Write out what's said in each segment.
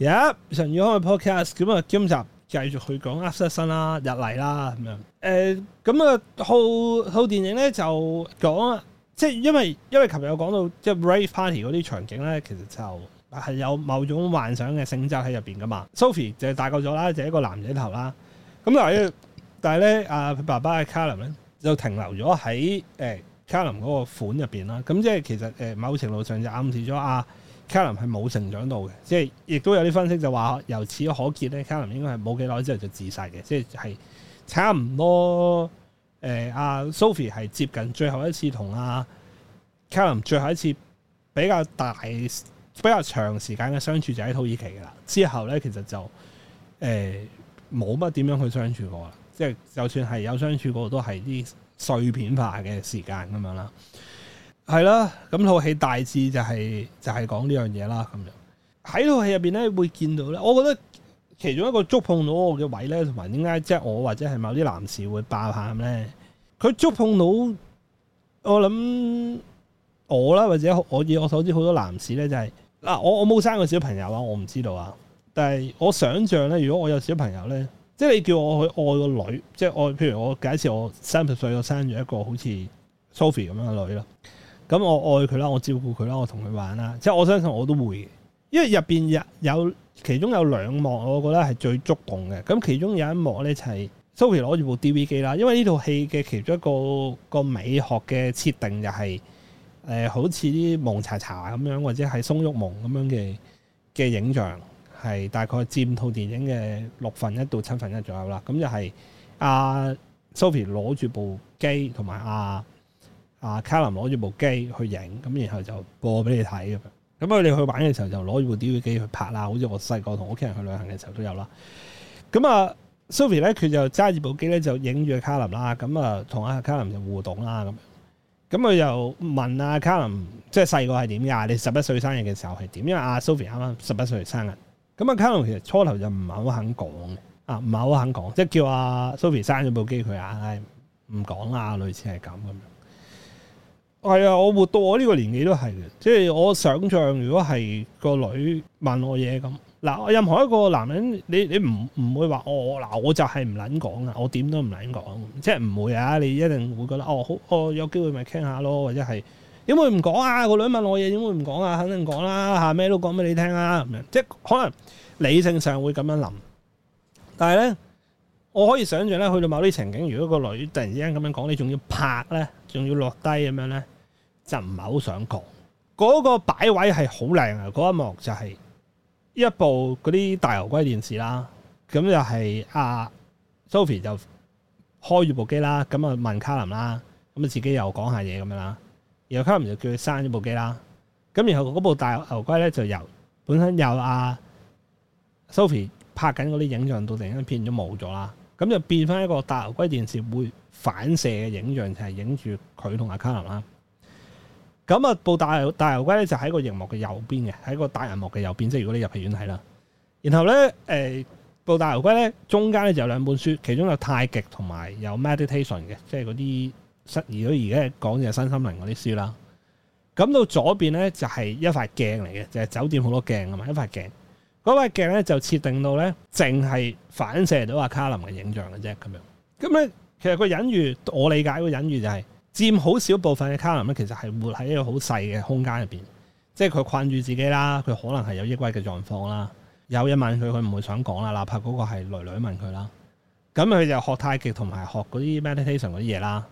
而家神宇康嘅 podcast 咁啊，今、yeah, 集繼續去講 a p s e s s 啦、入嚟啦咁樣。誒，咁啊套套電影咧就講，即、就、係、是、因為因為琴日有講到即係派 Party 嗰啲場景咧，其實就係有某種幻想嘅性質喺入邊噶嘛。Sophie 就大個咗啦，就一個男仔頭啦。咁但係，但係咧，阿爸爸嘅卡林 r 咧就停留咗喺誒 c a r 嗰個款入邊啦。咁即係其實誒某程度上就暗示咗啊。卡林係冇成長到嘅，即係亦都有啲分析就話，由此可見咧，卡林、um、應該係冇幾耐之後就自殺嘅，即係係差唔多。誒，阿 Sophie 係接近最後一次同阿卡林最後一次比較大、比較長時間嘅相處就喺土耳其噶啦，之後咧其實就誒冇乜點樣去相處過啦，即係就算係有相處過都係啲碎片化嘅時間咁樣啦。係啦，咁套戲大致就係、是、就係講呢樣嘢啦，咁樣喺套戲入邊咧會見到咧，我覺得其中一個觸碰到我嘅位咧，同埋點解即係我或者係某啲男士會爆喊咧？佢觸碰到我諗我啦，或者我以我所知好多男士咧就係、是、嗱，我我冇生過小朋友啊，我唔知道啊，但係我想象咧，如果我有小朋友咧，即係你叫我去愛個女，即係我譬如我假設我三十歲我生咗一個好似 Sophie 咁樣嘅女咯。咁我愛佢啦，我照顧佢啦，我同佢玩啦，即係我相信我都會嘅，因為入面有有其中有兩幕，我覺得係最觸動嘅。咁其中有一幕呢，就係 Sophie 攞住部 DV 機啦，因為呢套戲嘅其中一個個美學嘅設定就係呃，好似啲蒙查查咁樣，或者係鬆郁矇咁樣嘅嘅影像，係大概佔套電影嘅六分一到七分一左右啦。咁就係阿 Sophie 攞住部機同埋阿。啊，卡林攞住部機去影，咁然後就播俾你睇咁樣。咁佢哋去玩嘅時候就攞住部 DV 機去拍啦，好似我細個同屋企人去旅行嘅時候都有啦。咁啊，Sophie 咧佢就揸住部機咧就影住阿卡林啦，咁啊同阿、啊啊、卡林就互動啦，咁咁佢又問啊卡林，即係細個係點噶？你十一歲生日嘅時候係點？因為阿 Sophie 啱啱十一歲生日，咁啊卡林其實初頭就唔係好肯講，啊唔係好肯講，即係叫阿 Sophie 閂咗部機佢啊，唔講啊，類似係咁咁係啊，我活到我呢個年紀都係嘅，即係我想象如果係個女問我嘢，咁，嗱，任何一個男人，你你唔唔會話哦，嗱，我就係唔捻講啊，我點都唔捻講，即係唔會啊，你一定會覺得哦，好，我有機會咪傾下咯，或者係，點會唔講啊，個女問我嘢，點會唔講啊？肯定講啦，啊，吓咩都講俾你聽啊。咁樣，即係可能理性上會咁樣諗，但係咧。我可以想象咧，去到某啲情景，如果個女突然之間咁樣講，你仲要拍咧，仲要落低咁樣咧，就唔係好想講。嗰個擺位係好靚啊！嗰一幕就係一部嗰啲大牛龜電視啦。咁就係阿 Sophie 就開住部機啦，咁啊問卡林啦，咁啊自己又講下嘢咁樣啦。然後卡林就叫佢閂咗部機啦。咁然後嗰部大牛龜咧就由本身有阿 Sophie 拍緊嗰啲影像到突然間變咗冇咗啦。咁就變翻一個大牛龜電視會反射嘅影像，就係影住佢同阿卡林啦。咁啊，部大牛大牛龜咧就喺個熒幕嘅右邊嘅，喺個大銀幕嘅右邊。即係如果你入戲院睇啦。然後咧，誒、呃、部大牛龜咧中間咧就有兩本書，其中有太極同埋有 meditation 嘅，即係嗰啲失而而家講嘅身心靈嗰啲書啦。咁到左邊咧就係、是、一塊鏡嚟嘅，就係、是、酒店好多鏡啊嘛，一塊鏡。嗰個鏡咧就設定到咧，淨係反射到阿卡林嘅影像嘅啫，咁樣。咁咧，其實個隱喻我理解個隱喻就係，佔好少部分嘅卡林咧，其實係活喺一個好細嘅空間入面，即係佢困住自己啦，佢可能係有抑鬱嘅狀況啦，有人問佢佢唔會想講啦，哪怕嗰個係女女問佢啦。咁佢就學太極同埋學嗰啲 meditation 嗰啲嘢啦，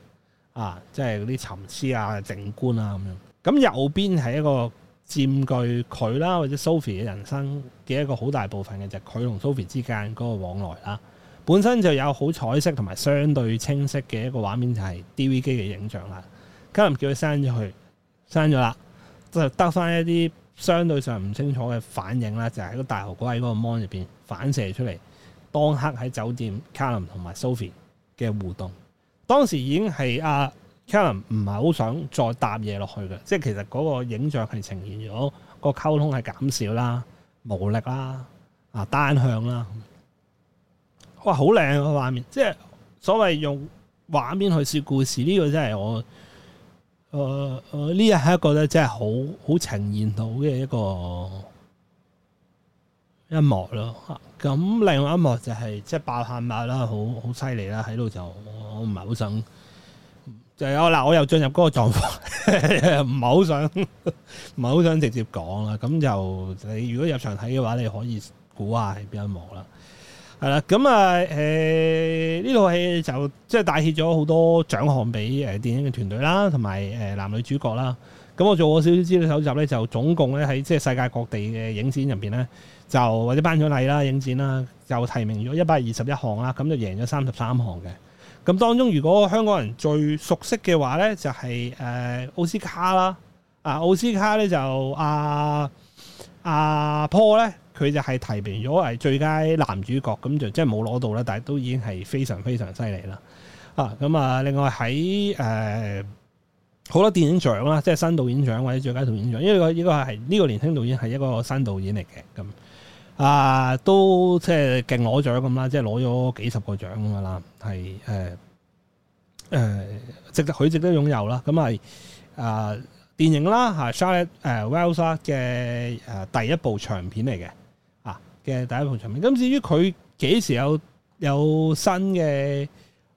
啊，即係嗰啲沉思啊、靜觀啊咁樣。咁右邊係一個。佔據佢啦，或者 Sophie 嘅人生嘅一個好大部分嘅就係、是、佢同 Sophie 之間嗰個往來啦。本身就有好彩色同埋相對清晰嘅一個畫面就係、是、DV 機嘅影像啦。卡林叫佢刪咗佢，刪咗啦，就得翻一啲相對上唔清楚嘅反應啦，就喺、是、個大豪貴嗰個 Mon 入邊反射出嚟，當刻喺酒店卡林同埋 Sophie 嘅互動，當時已經係啊。啊。Kevin 唔係好想再搭嘢落去嘅，即係其實嗰個影像係呈現咗、個溝通係減少啦、無力啦、啊單向啦。哇，好靚個畫面，即係所謂用畫面去說故事呢、呢個真係我，誒誒呢個係一個咧，即係好好呈現到嘅一個一幕咯。咁另外一幕就係、是、即係爆喊爆啦，好好犀利啦喺度就我唔係好想。就有啦，我又進入嗰個狀況，唔係好想，唔係好想直接講啦。咁就你如果入場睇嘅話，你可以估下係邊一幕啦。係啦，咁啊誒呢套戲就即係帶起咗好多獎項俾誒電影嘅團隊啦，同埋誒男女主角啦。咁我做過少少資料搜集咧，就總共咧喺即係世界各地嘅影展入邊咧，就或者頒咗禮啦，影展啦，就提名咗一百二十一項啦，咁就贏咗三十三項嘅。咁當中，如果香港人最熟悉嘅話咧，就係、是、誒、呃、奧斯卡啦。啊，奧斯卡咧就阿阿 Paul 咧，佢、啊啊、就係提名咗係最佳男主角，咁就即係冇攞到啦，但係都已經係非常非常犀利啦。啊，咁啊另外喺誒好多電影獎啦，即係新導演獎或者最佳導演獎，因為呢個係呢個年輕導演係一個新導演嚟嘅咁。啊，都即係勁攞獎咁啦，即係攞咗幾十個獎咁啦，係誒誒值得佢值得擁有啦。咁係啊，電影啦嚇 Charlotte、呃、Wells 嘅誒第一部長片嚟嘅啊嘅第一部長片。咁至於佢幾時有有新嘅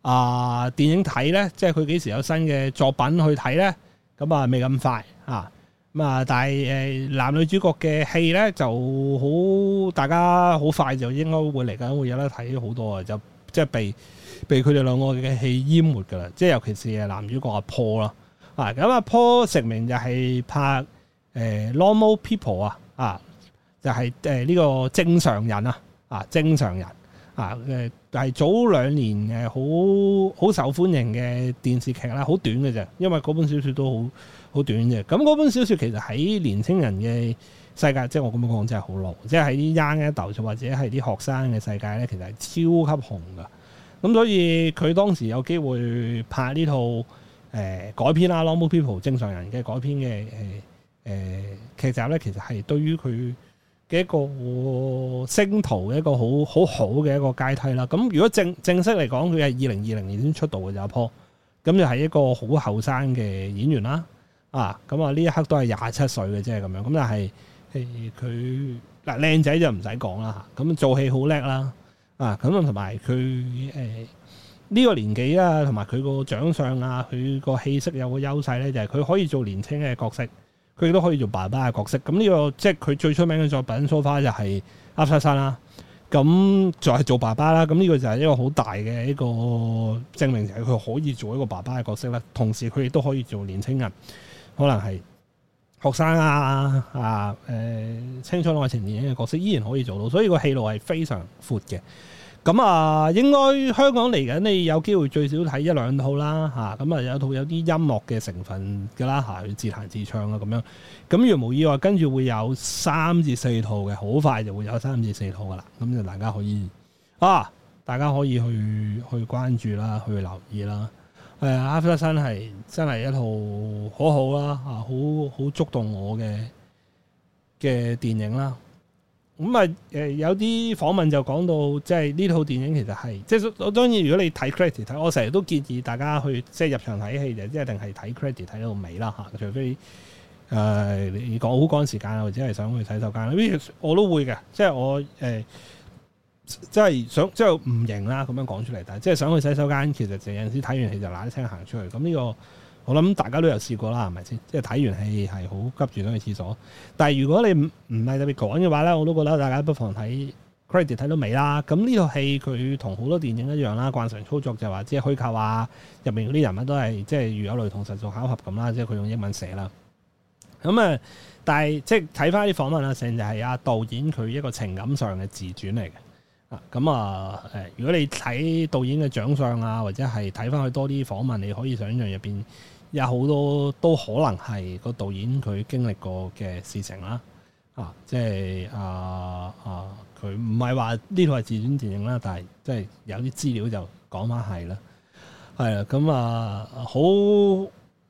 啊電影睇咧？即係佢幾時有新嘅作品去睇咧？咁啊，未咁快啊！咁啊！但係誒男女主角嘅戲咧，就好大家好快就應該會嚟緊，會有得睇好多戲戲啊，Paul，啊、呃、People，啊，就即係被被佢哋兩個嘅戲淹沒噶啦！即係尤其是係男主角阿 Paul 啦，啊咁阿 Paul 成名就係拍誒《Normal People》啊，啊就係誒呢個正常人啊，啊正常人啊誒，係、就是、早兩年誒好好受歡迎嘅電視劇啦，好短嘅啫，因為嗰本小説都好。好短嘅。咁嗰本小説其實喺年輕人嘅世界，即係我咁樣講，真係好老，即係喺啲 young adult，或者係啲學生嘅世界咧，其實係超級紅噶。咁所以佢當時有機會拍呢套誒、呃、改編啦《Normal People 正常人》嘅改編嘅誒、呃、劇集咧，其實係對於佢嘅一個星途嘅一個好好好嘅一個階梯啦。咁如果正正式嚟講，佢係二零二零年先出道嘅就阿 Paul，咁就係一個好後生嘅演員啦。啊，咁啊呢一刻都係廿七歲嘅啫，咁樣咁，但係佢嗱，靚仔就唔使講啦，咁做戲好叻啦，啊咁同埋佢呢個年紀呀，同埋佢個長相啊，佢個氣色有個優勢咧，就係、是、佢可以做年輕嘅角色，佢亦都可以做爸爸嘅角色。咁呢、這個即係佢最出名嘅作品 so far 就係《Aftersun》啦，咁就係做爸爸啦。咁呢個就係一個好大嘅一個證明，就係佢可以做一個爸爸嘅角色啦。同時佢亦都可以做年青人。可能係學生啊啊，誒、啊，青春愛情電影嘅角色依然可以做到，所以個戲路係非常闊嘅。咁啊，應該香港嚟緊，你有機會最少睇一兩套啦，吓咁啊，有一套有啲音樂嘅成分噶啦，吓、啊、去自彈自唱啊，咁樣。咁如無意外，跟住會有三至四套嘅，好快就會有三至四套噶啦。咁就大家可以啊，大家可以去去關注啦，去留意啦。係啊，Aftersun 係真係一套好好啦，啊好好觸動我嘅嘅電影啦。咁啊、嗯，誒有啲訪問就講到，即係呢套電影其實係即係我當然如果你睇 credit，我成日都建議大家去即係入場睇戲就一定係睇 credit 睇到尾啦嚇，除非誒、呃、你講好趕時間或者係想去洗手間，呢我都會嘅，即係我誒。呃即係想即係唔型啦，咁樣講出嚟，但係即係想去洗手間，其實就有陣時睇完戲就嗱一聲行出去。咁呢個我諗大家都有試過啦，係咪先？即係睇完戲係好急住想去廁所。但係如果你唔唔係特別趕嘅話咧，我都覺得大家不妨睇 credit 睇到尾啦。咁呢套戲佢同好多電影一樣啦，慣常操作就係話即係虛構啊，入面嗰啲人物都係即係如有雷同，實屬巧合咁啦。即係佢用英文寫啦。咁啊，但係即係睇翻啲訪問啊，成日係阿導演佢一個情感上嘅自傳嚟嘅。咁啊，誒，如果你睇導演嘅長相啊，或者係睇翻佢多啲訪問，你可以想象入邊有好多都可能係個導演佢經歷過嘅事情啦、啊。啊，即係啊啊，佢唔係話呢套係自傳電影啦，但係即係有啲資料就講翻係啦。係啊，咁啊，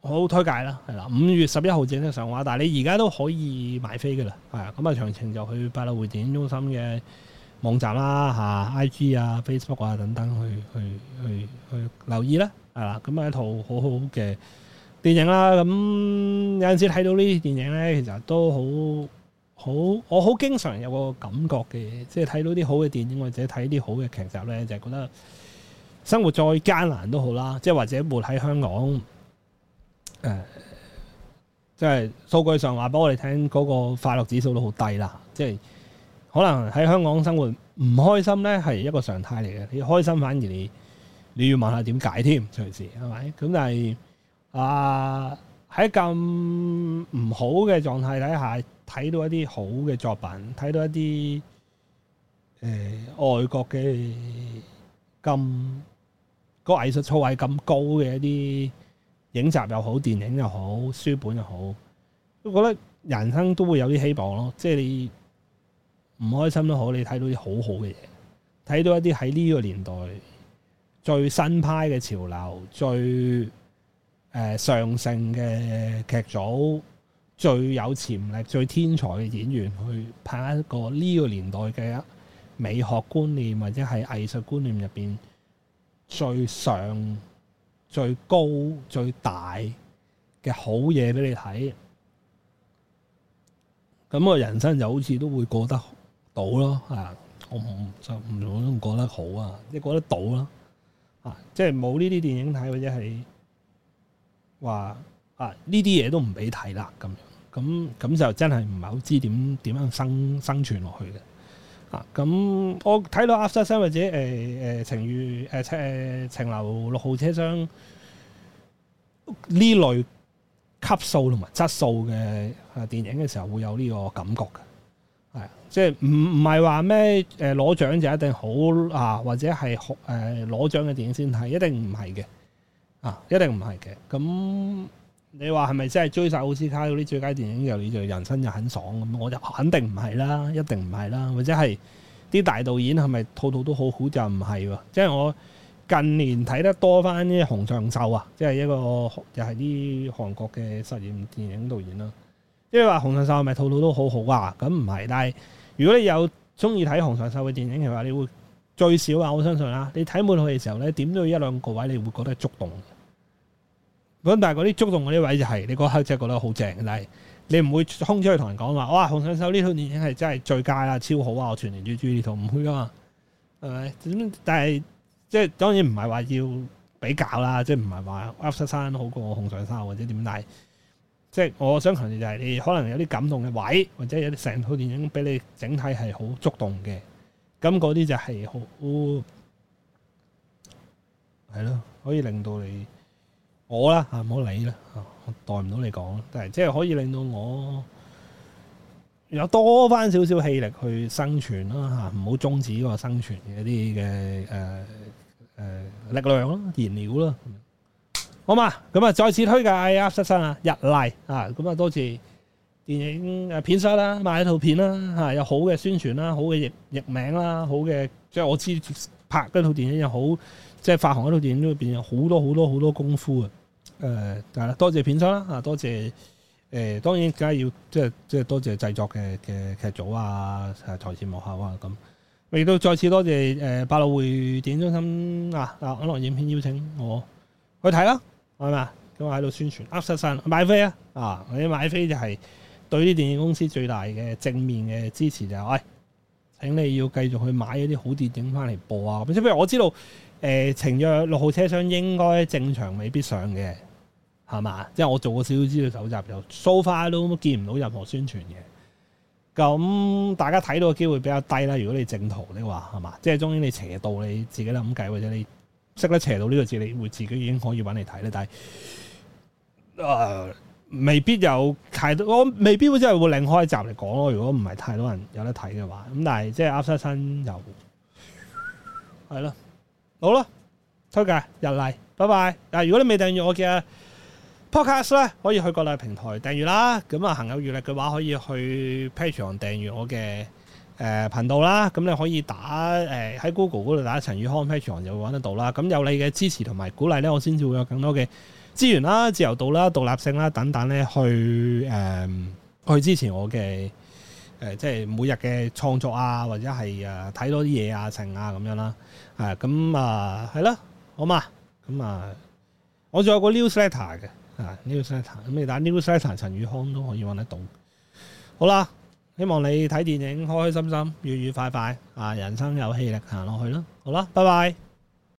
好好推介啦，係啦、啊，五月十一號正式上畫，但係你而家都可以買飛噶啦。係啊，咁啊，詳情就去百老匯電影中心嘅。網站啦、啊、嚇，IG 啊、Facebook 啊等等去，去去去去留意咧，係啦。咁啊一套好好嘅電影啦，咁有陣時睇到呢啲電影呢，其實都好好，我好經常有個感覺嘅，即係睇到啲好嘅電影或者睇啲好嘅劇集呢，就係、覺得生活再艱難都好啦，即、就、係、係、或者活喺香港誒，即、呃、係、就係、數據上話，畀我哋聽嗰個快樂指數都好低啦，即係。可能喺香港生活唔開心咧，係一個常態嚟嘅。你開心反而你你要問下點解添，隨時係咪？咁但係啊，喺咁唔好嘅狀態底下，睇到一啲好嘅作品，睇到一啲誒、呃、外國嘅咁個藝術造詣咁高嘅一啲影集又好，電影又好，書本又好，我覺得人生都會有啲希望咯。即係你。唔開心都好，你睇到啲好好嘅嘢，睇到一啲喺呢個年代最新派嘅潮流，最誒、呃、上乘嘅劇組、最有潛力、最天才嘅演員去拍一個呢個年代嘅美學觀念或者係藝術觀念入邊最上最高最大嘅好嘢俾你睇，咁我人生就好似都會過得。到咯、啊，啊，我唔就唔好都唔覺得好啊，即係覺得到啦，啊，即係冇呢啲電影睇，或者係話啊呢啲嘢都唔俾睇啦，咁樣，咁咁就真係唔係好知點點樣生生存落去嘅，啊，咁我睇到《Aftersun》或者誒誒《情欲》誒、呃、誒《情、呃、流六號車廂》呢類級數同埋質素嘅電影嘅時候，會有呢個感覺嘅。即係唔唔係話咩？誒，攞獎就一定好啊，或者係誒攞獎嘅電影先睇，一定唔係嘅啊，一定唔係嘅。咁你話係咪真係追晒奧斯卡嗰啲最佳電影就你就人生就很爽咁？我就肯定唔係啦，一定唔係啦。或者係啲大導演係咪套套都好好就唔係？即係我近年睇得多翻啲洪尚秀啊，即係一個，就係啲韓國嘅實驗電影導演啦。即係話洪尚秀係咪套套都好好啊？咁唔係，但係。如果你有中意睇《紅上秀》嘅電影嘅話，你會最少啊！我相信啦，你睇滿去嘅時候咧，點都要一兩個位，你會覺得觸動。咁但係嗰啲觸動嗰啲位就係你嗰刻真係覺得好正，但係你唔會空出去同人講話：嘩，我話《紅上秀》呢套電影係真係最佳啦，超好啊！我全年最中意呢套，唔會㗎嘛，係咪？但係即係當然唔係話要比較啦，即係唔係話《Aftersun》好過《紅上秀》或者點解？即係我想強調就係你可能有啲感動嘅位，或者有啲成套電影俾你整體係好觸動嘅，咁嗰啲就係好係咯，可以令到你我啦嚇，唔好理啦，我代唔到你講，但係即係可以令到我有多翻少少氣力去生存啦嚇，唔好終止個生存嘅一啲嘅誒誒力量咯，燃料啦。好嘛，咁啊，再次推介阿失生啊，日麗啊，咁啊，多謝電影誒、啊、片商啦、啊，買一套片啦、啊、吓、啊、有好嘅宣傳啦、啊，好嘅譯譯名啦、啊，好嘅，即係我知拍嗰套電影又好，即係發行嗰套電影都裏邊有好多好多好多，多功夫啊，誒，係啦，多謝片商啦，吓，多謝誒、呃，當然梗係要，即係即係多謝製作嘅嘅劇組啊，誒、啊，台前幕後啊，咁，亦都再次多謝誒百老匯電影中心啊，啊，安樂影片邀請我去睇啦、啊。係嘛？咁我喺度宣傳，噏曬買買飛啊！啊，你買飛就係對啲電影公司最大嘅正面嘅支持就係、喂，請你要繼續去買一啲好電影翻嚟播啊！即係譬如我知道，誒、呃、晴約六號車廂應該正常未必上嘅，係嘛？即係我做過少少資料搜集，就 so far 都見唔到任何宣傳嘅。咁大家睇到嘅機會比較低啦。如果你正途你話，係嘛？即係當然你邪道你自己諗計或者你。識得斜到呢個字，你會自己已經可以揾嚟睇咧。但係，誒、呃，未必有係我，未必真會真係會另開一集嚟講咯。如果唔係太多人有得睇嘅話，咁但係即係阿晒身又係咯，好啦，推介日麗，拜拜。但係如果你未訂閱我嘅 podcast 咧，可以去各大平台訂閱啦。咁啊，行有餘力嘅話，可以去 Patreon 訂閱我嘅。誒、呃、頻道啦，咁你可以打誒喺、呃、Google 嗰度打陳宇康 Patreon 就會搵得到啦。咁有你嘅支持同埋鼓勵咧，我先至會有更多嘅資源啦、自由度啦、獨立性啦等等咧，去誒、呃、去支持我嘅、呃、即係每日嘅創作啊，或者係睇多啲嘢啊、成啊咁樣啦。咁啊係、啊、啦，好嘛，咁啊，我仲有個 newsletter 嘅啊 newsletter 咁你打 newsletter 陳宇康都可以搵得到。好啦。希望你睇電影開開心心、愉愉快快，啊，人生有氣力行落去啦！好啦，拜拜。